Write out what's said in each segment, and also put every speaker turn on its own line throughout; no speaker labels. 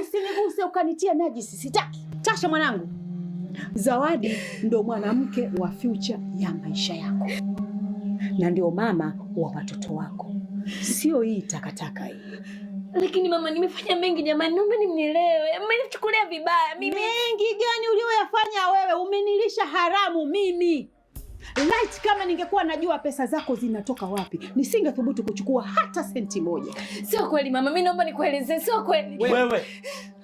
Usiniguse, ukanitia najisi, sitaki. Tasha mwanangu, Zawadi ndo mwanamke wa future ya maisha yako na ndio mama wa watoto wako, sio hii takataka hii.
Lakini mama, nimefanya mengi jamani, naomba nimnielewe. Mmenichukulia vibaya mimi.
Mengi gani uliyoyafanya wewe? Umenilisha haramu mimi Light, kama ningekuwa najua pesa zako zinatoka wapi, nisingethubutu kuchukua hata senti moja.
Sio kweli mama, mimi naomba nikuelezee, sio kweli.
Wewe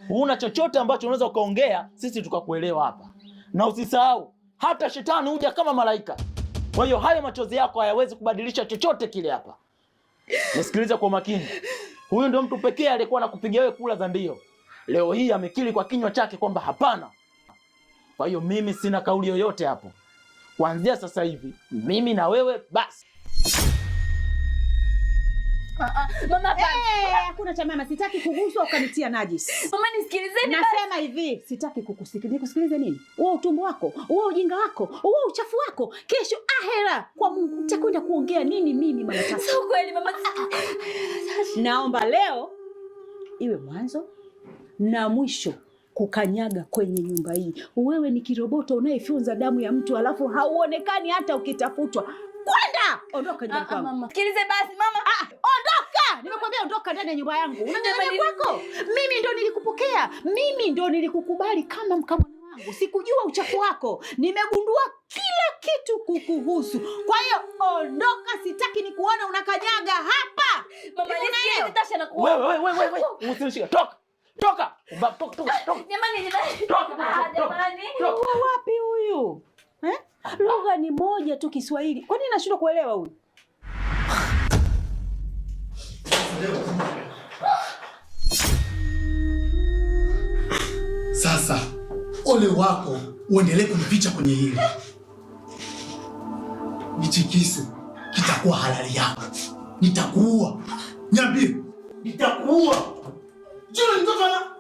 huna chochote ambacho unaweza ukaongea sisi tukakuelewa hapa, na usisahau hata shetani huja kama malaika. Kwa hiyo hayo machozi yako hayawezi kubadilisha chochote kile hapa. Nisikilize kwa makini, huyu ndio mtu pekee aliyekuwa anakupigia wewe kula za ndio. Leo hii amekiri kwa kinywa chake kwamba hapana. Kwa hiyo mimi sina kauli yoyote hapo kuanzia sasa hivi mimi na wewe basi.
Ah, ah, mama hakuna eh. cha mama, sitaki kuguswa ukanitia najis.
Mama nisikilizeni,
nasema hivi, sitaki kukusikiliza. Nikusikilize nini? Wewe utumbo wako, wewe ujinga wako, wewe uchafu wako, kesho ahera kwa Mungu utakwenda kuongea nini? Mimi mama tatu,
sio kweli mama. Ah,
Naomba leo iwe mwanzo na mwisho kukanyaga kwenye nyumba hii. Wewe ni kiroboto unayefyonza damu ya mtu alafu hauonekani hata ukitafutwa. Kwenda ondoka nyumbani ah, ah, kwako. Mama,
sikilize basi mama.
Ah, ondoka. Nimekwambia ondoka ndani ya nyumba yangu. Unaenda kwako. Mimi ndo nilikupokea. Mimi ndo nilikukubali kama mkamwana wangu. Sikujua uchafu wako. Nimegundua kila kitu kukuhusu. Kwa hiyo ondoka, sitaki nikuona unakanyaga hapa.
Mama, nisikie Natasha na
kuona. Wewe wewe wewe, usinishike. Toka. Toka!
Wapi huyu? Eh? Lugha ni moja tu Kiswahili. Kwani nashindwa kuelewa huyu?
Sasa ole wako uendelee kumpicha kwenye hili. Nichikise kitakuwa halali yako. Nitakuua. Nyambie. Nitakuua. 就是你做砖吗？